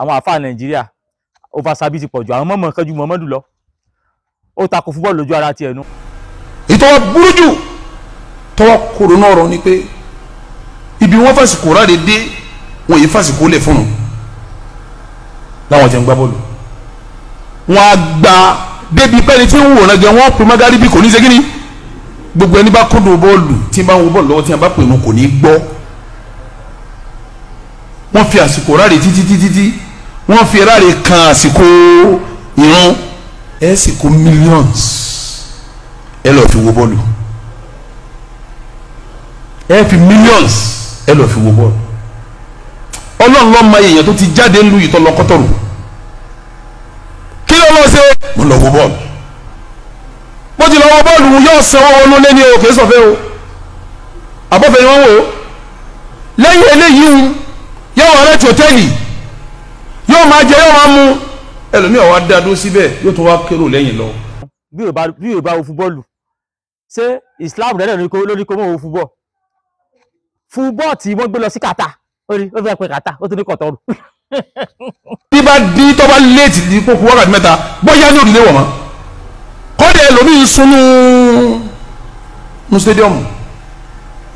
àwọn àfáà nàìjíríà oversabi ti pọ̀jù àwọn mọ̀mọ́ kẹjú mọ̀mọ́dù lọ ó takò fúbọ́ọ̀lù lójú ara tiẹ̀ nu. ìtọ́wọ́ burú jù tọ́wọ́ kòrò náà rọ ni pé ibi wọ́n fàsìkò ráre dé wọ́n yìí fàsìkò lè fún un láwọn jẹ́ ń gbá bọ́ọ̀lù wọ́n á gba débi pẹ́ni tí ń wò náà gẹ́ wọ́n pè mágárì bí kò ní segin ni gbogbo ẹni bá kúndùn bọ́ọ̀lù tí ń bá wo bọ́ọ̀lù lọ́wọ́ tí ń bá pè wọn kò ní gbọ́ wọ́n fi àsìkò ráre títí títí títí wọ́n fi ráre kan àsìkò irun ẹ̀ sì kó millions ẹ lọ́ọ́ fi wo bọ́ọ̀lù ẹ fi millions ẹ lọ́ọ́ fi wo bọ́ọ̀lù ọlọ́run ló mọ èèyàn tó ti jáde ń lu ìtọ́ lọ kọ́tọ̀rù kí ló lọ́ọ́ ṣe mo lọ wo bọ́ọ̀lù bó ti lọ wo bọ́ọ̀lù yóò sanwó olólé ní o kì í sọ̀fẹ́ o àbọ̀fẹ́ ni wọ́n wò ó lẹ́yìn eléyìí yóò wà láti hòtẹ́ẹ̀lì jẹ yóò máa mu ẹlòmíì ọ̀wá dá dúró síbẹ̀ yóò tún wá kérò lẹ́yìn lọ. bí yóò bá wo fúbọ́ọ̀lù ṣé Islam rẹ̀ lórí kó mọ̀ wo fúbọ́ọ̀ fúbọ́ọ̀ tí wọ́n gbé lọ sí kàtà orí ó fẹ́ pẹ́ kàtà ó tún ní kọ̀tọ́rù. bí bá di tó bá léètì ní kókó wákàtí mẹ́ta bóyá ní òrùlé wọ̀ mọ́ kọ́dà ẹlòmíì sunú nu stadium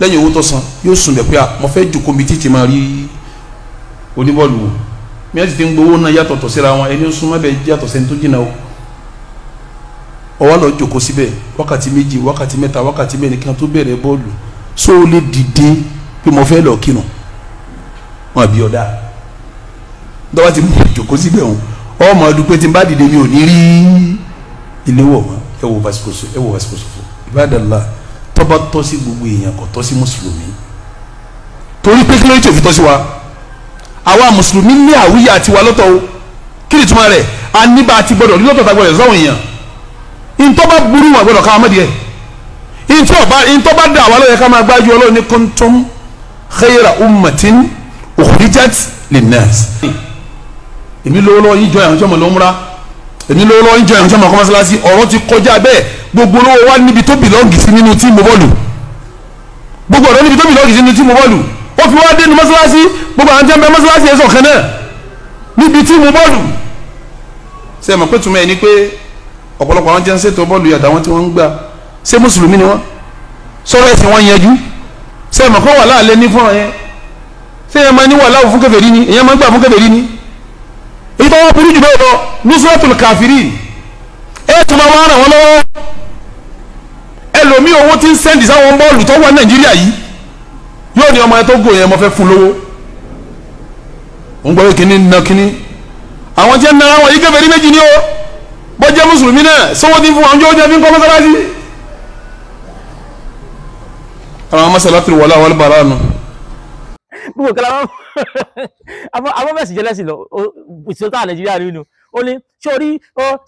lẹ́yìn owó tó san yóò sùn bẹ̀ pé mo fẹ́ jù kọ́mítì ti máa rí oníbọ́ọ̀lù mi àti ti ń gbowó náà yàtọ̀ tọ̀ síra wọn ẹni ó súnmọ́ bẹ́ẹ̀ yàtọ̀ sẹ́ni tó jìnnà o ọwọ́ lọ jòkó síbẹ̀ wákàtí méjì wákàtí mẹ́ta wákàtí mẹ́rin kan tó bẹ̀rẹ̀ bọ́ọ̀lù só o lè dìde pé mo fẹ́ lọ kírun wọn àbí ọ̀dà dọ́wọ́ ti mú jòkó síbẹ̀ o ọmọ ọdún pé tí n bá dìde mi ò ní rí ilé wọ̀ mọ́ ẹ wò basikoso ẹ wò basikoso fún ibadala tọ́ba tọ́sí gbogbo èèyàn kò tọ́sí mùsùlùmí torí pé kí ló ń tòfin tọ́sí wa àwa mùsùlùmí ní àwíyá àti wa lọ́tọ̀ o kí ni túmọ̀ rẹ̀ a ní bá a ti gbọdọ̀ lọ́tọ̀ ta gbọdọ̀ sọ́wọ́n èèyàn ntọ́ bá burú wọn gbọdọ̀ ká má díẹ̀ ntọ́ bá dà wà lọ́yẹ ká máa gbájú ọlọ́run ní kuntum khayra ummatin ukhrijat linnas. èmi lówó lọ́wọ́ yín jọ àwọn jọmọ ló ń múra èmi lówó lọ́wọ́ yín jọ àwọn jọmọ kọ́ mọ́sálásí ọ̀rọ̀ ti kọjá bẹ́ẹ̀ gbogbo olówó wa níbi tó bìlọ́ọ̀gì sí nínú tíìmù bọ́ọ̀lù gbogbo ọ̀rọ̀ níbi tó bìlọ́ọ̀gì sí nínú tíìmù bọ́ọ̀lù ó fi wá dé ní mọ́sálásí gbogbo àwọn tí wọ́n bẹ mọ́sálásí yẹn sọ̀kan náà níbi tí mo bọ́ọ̀lù ṣe mọ̀ pé túmọ̀ ẹ̀ ni pé ọ̀pọ̀lọpọ̀ àwọn tí wọ́n ń ṣètò bọ́ọ̀lù yàtọ̀ àwọn tí wọ́n ń gbà ṣé mùsùlùmí ni wọ́n sọ̀rọ̀ ẹ̀sìn wọn yanjú ṣe mọ̀ pé wàhálà lé ní fún ọ yẹn ṣé èèyàn máa ní wàhálà fún kèfèrí ni èèyàn máa ń gbà fún kèfèrí ni èyí tó wọ́n pinnu jù bẹ́ẹ̀ lọ nusratul kafirin ẹ̀ tó ní ọmọ ń gbọ́ pé kínní na kínní àwọn tí nara wọn yìí kèfèrí méjì ni o bọ́ jẹ́ mùsùlùmí náà sọ́wọ́ ti fún wọn jọ́ jẹ́ fi ń kọ́ mọ́sálásí. àwọn mọ́sálásí wọlé àwọn bàrà nù. gbogbo kala wọn abọ́fẹ́sì jẹ́ lẹ́sìn lọ òṣìṣẹ́ tá nàìjíríà rí nu ó ní sórí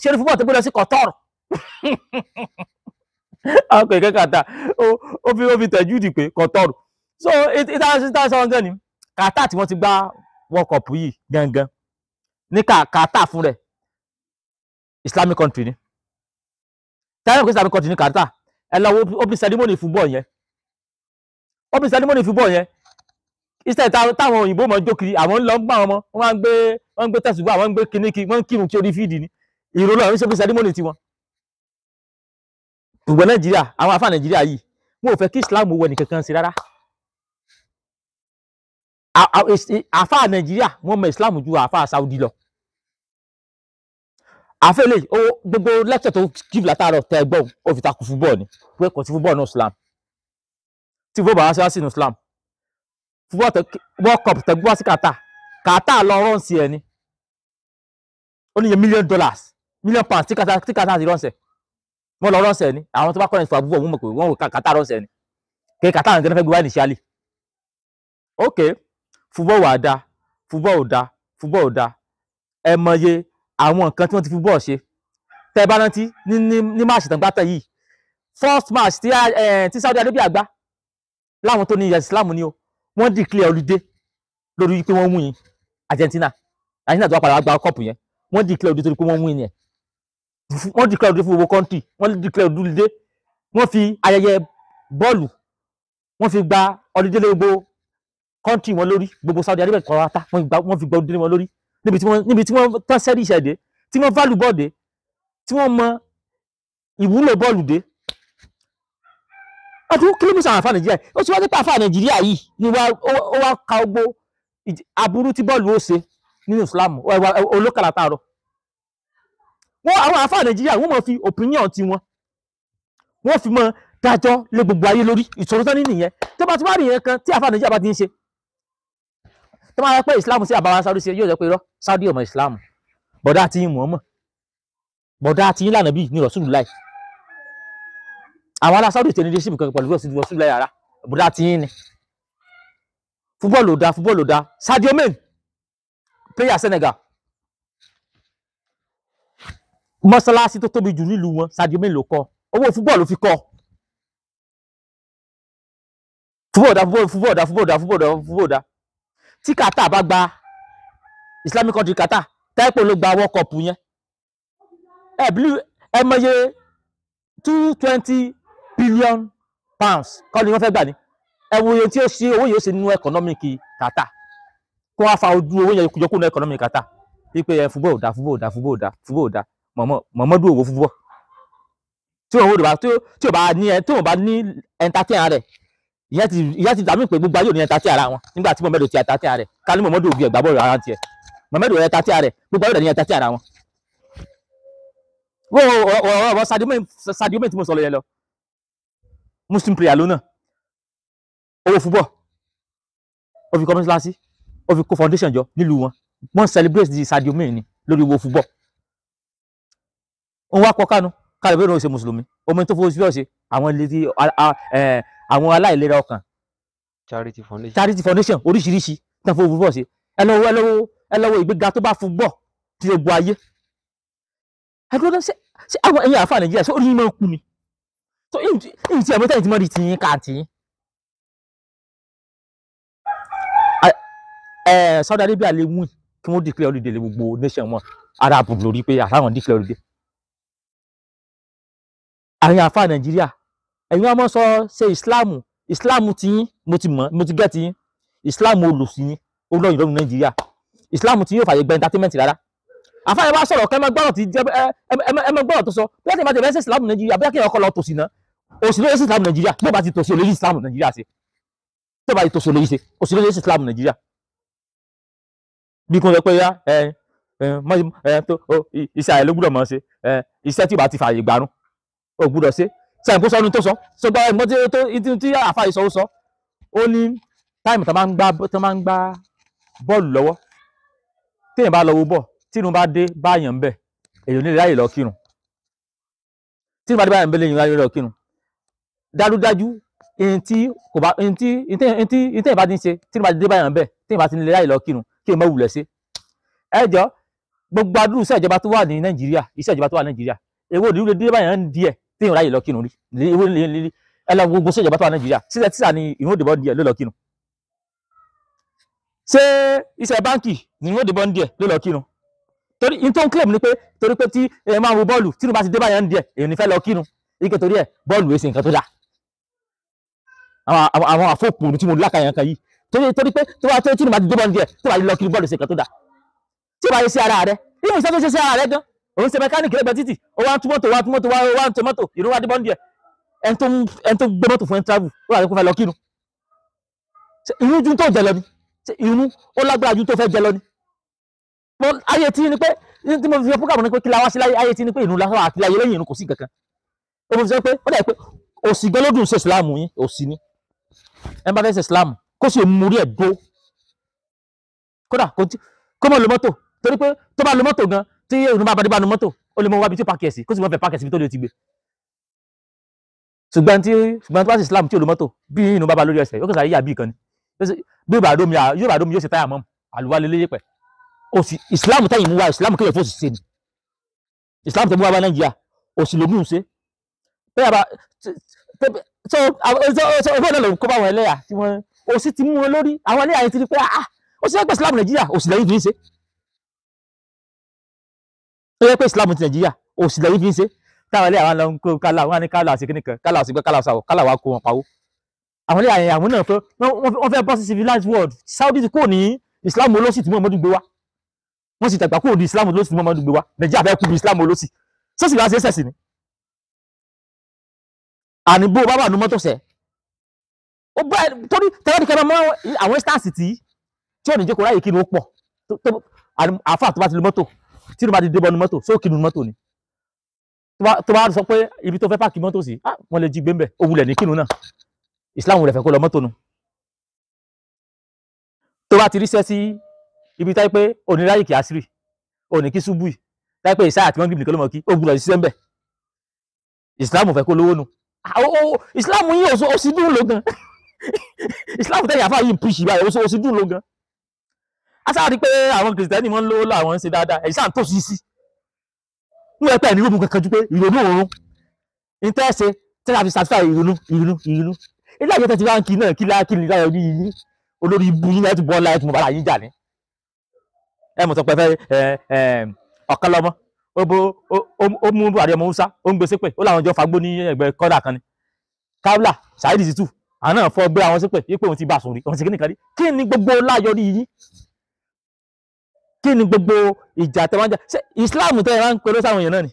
ṣeré fúnbọ̀ tó gbọ́dọ̀ sí kọ̀tọ́rù àwọn kò ìkẹ́kẹ́ ó fi tẹ̀jú ìdìpé kọ̀tọ́rù so ìtàn sọ́wọ́n gẹ́ ni kàtà World Cup yìí gangan ní Qatar fún rẹ̀ Islamic country ni tẹ́lẹ̀ pé Islamic country ní Qatar ẹ lọ wo open ceremony football yẹn open ceremony football yẹn iṣẹ́ táwọn òyìnbó mọ̀ jókiri àwọn ń lọ gbà wọn mọ́ wọ́n ń gbé wọ́n ń gbé tẹ̀sùbọ́ àwọn ń gbé kíníkì wọ́n ń kírun tí orí fíìdì ni ìrònú àwọn oníṣègùn sẹ́dímọ́nì tiwọn. ṣùgbọ́n Nàìjíríà àwọn afá Nàìjíríà yìí wọn ò fẹ́ kí Islam wọ ẹnìkankan sí rárá E, àfáà nàìjíríà wọ́n mọ islam ju àfáà saudi lọ àfẹlẹ gbogbo lecture tó give látàárọ̀ tẹ ẹgbọn ó fi takò fúbọ ni pé kò sí fúbọ ní islam tí fúbọ bá ṣáṣí ní islam fúbọ tẹ world cup tẹ gbọ́ sí kàtà kàtà lọ rọ́ǹsì ẹni ó níye million dollars million pounds tí kàtà tí kàtà ti rọ́ǹsì ẹ wọ́n lọ rọ́ǹsì ẹni àwọn tó bá kọ́ni fún abúlé wọ́n mọ̀ pé wọ́n wò kàtà rọ́ǹsì ẹni kí kàtà àwọn ìgbẹ́ni fẹ́ gbé wáyé ní ṣáálì okay football wà dáa football ò dáa football ò dáa ẹ mọye àwọn nǹkan tí wọ́n ti football ṣe tẹ́ bá rántí ní ní ní máàṣì tán gbátẹ̀ yìí first match tí tí Saudi Arabia gbá láwọn tó ní ìyẹn Islam ni o wọ́n declare holiday lórí pé wọ́n mú yín Argentina Argentina tó wá padà wá gba cup yẹn wọ́n declare holiday torí pé wọ́n mú yín yẹn wọ́n declare holiday fún gbogbo country wọ́n declare holiday wọ́n fi ayẹyẹ bọ́ọ̀lù wọ́n fi gba holiday lórí gbogbo kọ́ńtì wọn lórí gbogbo Saudi Arabia kọ́ ata wọ́n fi gbọ́dún wọn lórí níbi tí wọ́n níbi tí wọ́n tán sẹ́rí iṣẹ́ dé tí wọ́n fálù bọ́ọ̀dé tí wọ́n mọ ìwúlò bọ́ọ̀lù dé. ọtún kílímù sàn àfa Nàìjíríà ó ti wá nípa àfa Nàìjíríà yìí ni ó wá ka ogbó aburú tí bọ́ọ̀lù ó ṣe nínú Islam olókàlà tààrọ̀. wọ́n àwọn àfa Nàìjíríà wọ́n mọ̀ fi opinion ti wọn wọ́n fi mọ dájọ́ lé gbogbo ayé lórí ìṣòro tán ní nìyẹn tó bá ti wá rí yẹn kan tí àfa Nàìjíríà bá ti ń ṣe tó máa pẹ́ islam sí àbáwá saudi ṣe yóò jẹ́ pé irọ́ saudi ọmọ islam bọ̀dá àti yín muhammad bọ̀dá àti yín lànà bíi ní rasulullah àwọn ará saudi tẹ̀lé ṣì kankan pẹ̀lú rasulullah ara bọ̀dá àti yín ni fúbọ́ọ̀lù ò da fúbọ́ọ̀lù ò da sadio main player senegal mọ́sálásí tó tóbi jù nílùú wọn sadio main ló kọ́ owó fúbọ́ọ̀lù fi kọ́ fúbọ́ọ̀dà fúbọ́ọ̀dà fúbọ́ọ̀dà fúbọ́ọ̀dà fúbọ́ọ̀dà tí Qatar bá gba Islamic country Qatar tẹ́pọ̀ ló gba World Cup yẹn ẹ bílú ẹ mọye two twenty billion pounds kọ́ ni wọ́n fẹ́ gbà ní ẹ wo iye tí ó ṣe owó yìí ó ṣe nínú economic Qatar kó wá fa ojú owó yẹn yọkú nínú economic Qatar pípé ẹ fúbọ̀ òdà fúbọ̀ òdà fúbọ̀ òdà fúbọ̀ òdà mọ̀mọ́dù òwò fúbọ̀ tí òun ò bá ní entertain rẹ̀ ìyẹn ti ìyẹn ti dàmí pé gbogbo ayé òní ẹta tí ara wọn nígbà tí mọ̀mẹ́dò ti ẹta tí ara rẹ̀ ká ní mọ̀mọ́dò ògì ẹ̀gbá bọ́ọ̀lù ara tiẹ̀ mọ̀mẹ́dò ẹta tí ara rẹ̀ gbogbo ayé òní ẹta tí ara wọn. wo ọ̀rọ̀ Sadio Mane tí mo sọ lọ yẹn lọ muslim prayer ló náà owó fúbọ̀ ó fi kọ́mẹ́sì láti ó fi kó foundation jọ nílùú wọn wọ́n celebrate di Sadio Mane ni lórí owó fúbọ̀ òun wá kọ Kanu kálíbẹ̀rún ó ṣe mùsùlùmí omi tó fowó sí ọ̀ṣẹ̀ àwọn ilé tí àwọn aláìlera ọkàn charity foundation charity foundation oríṣiríṣi tán fún òwúrọ̀ sí ẹ lọ́wọ́ ẹ lọ́wọ́ ẹ lọ́wọ́ ìgbéga tó bá fún gbọ́ tí o gbọ́ ayé ẹ dúró ṣe ṣe àwọn ẹ̀yin àfa nàìjíríà ṣé orí yín máa ń kú ni tó yìí ti ẹ̀mí tẹ̀yìn tí mo rí ti yín ká ti yín. lè win kí wọ́n declare holiday lè gbogbo nation wọn Arab lórí pé àtàwọn declare holiday. àwọn àfa nàìjíríà ẹ̀yin wọn mọ́ sọ ṣe ìsìláàmù ìsìláàmù ti yín mo ti mọ̀ mo ti gẹ́ ti yín ìsìláàmù olùsí yín olóyìn lọ́nu nàìjíríà ìsìláàmù ti yín ò fàyè gba entertainment rárá àfáàyè bá sọ̀rọ̀ kẹ́ ẹ mọ gbọ́rọ̀ ti jẹ́ ẹ mọ gbọ́rọ̀ tó sọ bí wọ́n ti bá ti bẹ́ẹ̀ sí ìsìláàmù nàìjíríà bí wọ́n kí ọkọ̀ lọ tòsí náà òsì lóye sí ìsìláàmù nàìjíríà bí wọ́n bá ti tòsí olóyè ìsìláàmù nàìjíríà ṣe tó bá ti tòsí olóyè ṣe òsì lóye sí ìsìláàmù nàìjíríà bí kò sọ pé yá ẹ ẹ iṣẹ́ mọ̀ ṣe iṣẹ́ tí ò ti fàyè gbarún ò gbúdọ̀ ṣe sẹ́yìn kó sọ ọdún tó sọ sọgbà ẹ̀mọ́ tí tó ìdí tí àfa ìsọ ó sọ ó ní táìmù tó máa ń gbá tó máa ń gbá bọ́ọ̀lù lọ́wọ́ téèyàn bá lọ wo bọ́ọ̀ tínú bá dé báyàn bẹ̀ èyàn nílẹ̀ láyè lọ kírun tínú bá dé báyàn bẹ̀ lẹ́yìn láyè lọ kírun dájúdájú ẹni tí kò bá ẹni tí ẹni tí ẹni tí bá ti ń ṣe tínú bá dé báyàn bẹ̀ téèyàn bá ti nílẹ̀ láyè lọ kírun kí téèyàn ráyè lọ kírun rí ìwé lílí ẹ lọ gbogbo sójà bá tó wà nàìjíríà sísẹ tísà ni ìrún òdìbọn díẹ̀ ló lọ kírun ṣé iṣẹ́ báǹkì ni ìrún òdìbọn díẹ̀ ló lọ kírun torí in tó ń claim ni pé torí pé tí ẹ máa wo bọ́ọ̀lù tínú bá ti dé báyẹn díẹ̀ èèyàn nífẹ̀ẹ́ lọ kírun ike torí ẹ bọ́ọ̀lù èsì nǹkan tó dáa àwọn àfọ̀pọ̀ tí mo lákàyàn kan yìí torí pé tó bá tó tínú bá ti dé bọ́ọ̀lù díẹ̀ tó bá lọ kírun bọ́ọ̀lù èsì nǹkan tó dáa tí ó yẹ sí ara rẹ ìmọ̀ ìṣẹ́ sí ara rẹ gan òun ṣe mẹkáníìkì lẹ́gbẹ̀ẹ́ títì ó wá ń tú mọ́tò wá tú mọ́tò wá wá ń tẹ mọ́tò ìró wá dé bọ́ndì ẹ̀ ẹni tó ẹni tó gbé mọ́tò fún ẹni travel ó wà lóko fẹ́ lọ kírun irú ju tó jẹ lọ ni irú ó lágbára ju tó fẹ́ jẹ lọ ni ayé tí ni pé tí mo fi program ni pé kí la wá sí láyé ayé tí ni pé ìrun lásán àti ayé lẹ́yìn ìrun kò sí kankan ó mo fi sọ pé ó dà pé òsì gan ló dùn sí ìsìláàmù yín òsì ni ẹ bá fẹ́ ṣe ìsìláàmù kó sì mú rí ẹ̀ dó kódà kó mọ̀ lo mọ́tò torí pé tó bá lo mọ́tò gan tí èrò bá bàdébà nu mọ́tò ó lè mọ wábi tí ó pàkì ẹ̀ sí kó sì mọ́ fẹ́ pàkì ẹ̀ sí ibi tó lè ti gbé ṣùgbọ́n tí ṣùgbọ́n tí wọ́n sì Islam tí ò lo mọ́tò bí inú bá ba lórí ẹsẹ̀ yóò kẹsà yíyà bí ìkànnì bí ìbà àdómi yóò bà àdómi yóò ṣe táyà mọ́ àlùwà lélẹ́yẹ pẹ̀ kò sí Islam tẹ̀yìn mú wa Islam kéèyàn fòsì ṣe ni Islam tẹ̀ mú wa bá Nàìjíríà òsì lògùn ṣe bẹ́ẹ̀ bá tó ọgbọ́n náà lòun kó bá wọn ẹlẹ́yà tí wọ́n òsì ti mú wọn lórí àwọn ẹlẹ́yà yẹn ti rí pé ah, ah, ó sì ẹgbẹ́ Islam Nàìjíríà òsì lẹ́yìn fi ń ṣe tó yẹ pé Islam ti Nàìjíríà òsì lẹ́yìn fi ń ṣe táwọn ilé àwọn lọ ń kó kálá wọn ní kálá àti kíníkan kálá àti gbẹ kálá àwọ kálá wa kó wọn pawó àwọn ilé àwọn náà fẹ́ wọ́n fẹ́ bọ́ sí civilized world Saudi kò ní Islam olóṣì tí Muhammadu gbé wá wọ́n sì tàgbà kò ní Islam olóṣì tí Muhammadu gbé wá Nàìjíríà fẹ́ kú bí Islam olóṣì sọ́sì láti ẹsẹ̀ sí ni àníbó bábà nu mọ́tò sẹ́ ó bá torí tẹ́lẹ̀ kẹ́ máa àwọn instance tí tí ò ní jẹ́ kó ráyè kí ni ó pọ̀ àáfà tó bá ti lu mọ́tò tí ló bá ti dé bọ́nu mọ́tò sóò kinu mọ́tò ni tó bá sọ pé ibi tó fẹ́ páàkì mọ́tò sí ah, wọ́n lè jí gbé ń bẹ̀ òwúlẹ̀ ní kinu náà ìsìláàmù rẹ̀ fẹ́ kó lọ mọ́tò nu tó bá ti ríṣẹ́ sí ibi táyé pé oníráyè kì á sírì òní kí ṣubú yìí táyé pé ìsáyà tí wọ́n gbìyànjú lọ́mọ kí ó gbúdọ̀ ṣiṣẹ́ ń islam ìsìláàmù fẹ́ kó lówó nu ìsìláàmù ah, yìí ó sì dùn lógan ìsìláàmù tẹ̀yà fáyì ń pìṣì báyìí ó sì dùn lógan asáàrí pé àwọn kìrìsìtẹ́nì wọn lówó láwọn ń ṣe dáadáa ẹ̀yìn sáà ń tòṣì sí ń wẹ́ pẹ̀ ní rúbù kankan ju pé ìrònú òórùn ń tẹ́ ṣe tẹ́ láti satisfy ìrònú ìrònú ìrònú ilé àjẹtẹ ti ránkì náà kí láàkì ní láyọ ní yín olórí ibu yín láti bọ́ láì tún bàrà yín jà ní. ẹ mọ̀ sọ pé ọ̀kan lọ́mọ ó mú àdé ọmọ húsá ó ń gbé sépè ó láwọn jọ fagbó ní ẹgbẹ́ kọ́dà kan ni kábílà ṣáìdì títù àwọn náà fọ gbé àwọn sépè yípo òun ti bá sùn rí òun sì kí nìkan rí kí ni gbogbo láyọ ní yín kí ni gbogbo ìjà tẹ́ máa ń jà ṣé islam tẹ́ ẹ máa ń pe ló sáwọn èèyàn náà ni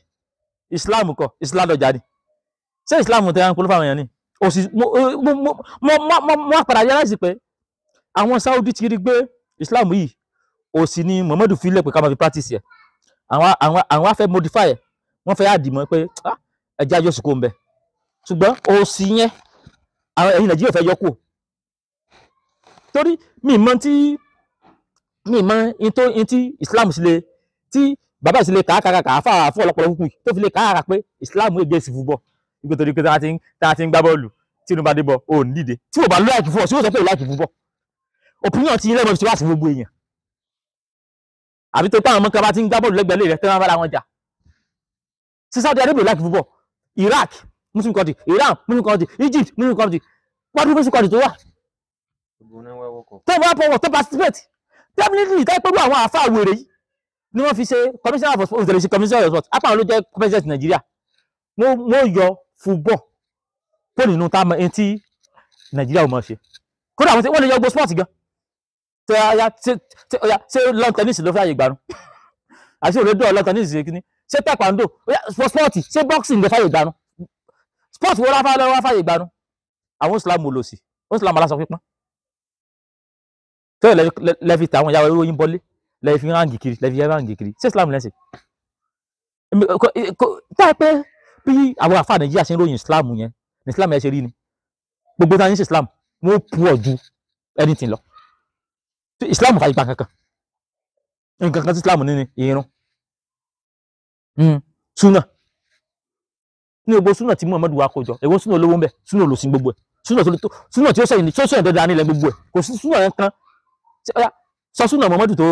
islam kọ islam dọjà ni ṣé islam tẹ́ ẹ máa ń pe ló fáwọn èèyàn ni òsì mo mo mo mo padà yára sí pé àwọn saudi ti rí gbé islam yìí òsì ni muhammadu filẹ pé ká máa fi practice yẹ àwọn àwọn àwọn afẹ́ modify ẹ wọ́n fẹ́ àdìmọ́ pé ah, ẹjẹ ajọ sì kó ń bẹ ṣùgbọ́n òsì yẹn àwọn ẹ̀yin nàìjíríà fẹ́ yọ kù torí mi mọ tí ní ìmọ̀ ìtò ìtì Islam sílẹ̀ tí bàbá ìsìlẹ̀ kàákàkà àfà àfọ ọ̀pọ̀lọpọ̀ kùkù tó fi lè kàákà pé Islam ègé sí fúbọ̀ nígbà tó di pé tá a ti ń gbá bọ́ọ̀lù tí inú bá dé bọ̀ ò ní dìde tí ò bá láìkì fún ọ sí ò sọ pé ò láìkì fúbọ̀ opinion ti ilé ẹ̀mọ́ ti wá sí gbogbo èèyàn àbí tó táwọn ọmọ kan bá ti ń gbá bọ́ọ̀lù lẹ́gbẹ̀ẹ́ rẹ̀ tẹ́ wọn bára wọn jà sí Saudi Arabia láìkì fúbọ̀ Iraq muslim country Iran muslim country Egypt muslim country wọ́n dúró muslim country tó wà tó bá pọ̀ wọ̀ tó participate definitely tẹ́ pẹ̀lú àwọn àfa àwèrè yìí ni wọ́n fi ṣe commissioner of sports television commissioner of sports apá àwọn ló jẹ́ president Nàìjíríà mo yọ football kó nínú tá a mọ etí Nàìjíríà ò mọ̀ ṣe kódà àwọn tí wọ́n lè yọ gbogbo sport gan tẹ ọya tẹ ọya ṣé lawn tennis ló fẹ́ àyè gbàrún àti òrèdò lawn tennis ṣe kíní ṣé taekwondo sport ṣé boxing ló fẹ́ àyè gbàrún sport wo ráfà lọ́wọ́ fàyè gbàrún àwọn Islam ò lò sí Islam alásọ pípọ́n tó yẹ lẹ fi tàwọn ìyàwó ewé yín bọ́lé lẹ fi ráǹgì kiri lẹ fi ráǹgì kiri ṣé islam lẹ́sìn tá a pé bí àwọn àfa nàìjíríà ṣe ń ròyìn islam yẹn ní islam yẹn ṣe rí ni gbogbo náà yín ṣe islam wọn ò pọ̀ ju anything lọ islam fàyè gba kankan nǹkan kan tí islam ní ni irun hmm, súnà ní gbogbo súnà tí muhammadu wa kó jọ èwo súnà olówó ń bẹ súnà olùsìn gbogbo ẹ súnà tí ó sẹ́yìn tó sẹ́yìn dandan nílẹ̀ gbogbo ẹ kò sí súnà yẹn kan sọ súnà Muhammadu tó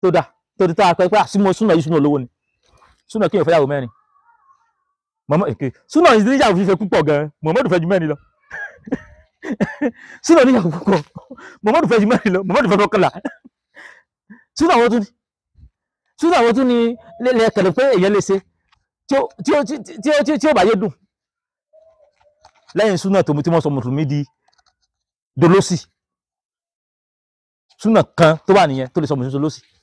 tó dà tó ti tá a pẹ́ pé àsìmọ́ súnà yìí súnà olówó ni súnà kí èèyàn fẹ́ yàwó mẹ́rin mọ́mọ́ èké súnà ìdílẹ́yàwó fífẹ́ púpọ̀ gan-an Muhammadu fẹ́ ju mẹ́rin lọ súnà oníyàwó púpọ̀ Muhammadu fẹ́ ju mẹ́rin lọ Muhammadu fẹ́ mọ́kànlá súnà àwọn tún ni súnà àwọn tún ni lẹ́lẹ́ kẹ̀lẹ́ pé èèyàn lè ṣe tí ó bá yé dùn lẹ́yìn súnà tòmítí mọ́ sọ mùsùlùmí di dolósì súnà kan tó wà nìyẹn tó lè sọ mùsùlùmí lọ́sì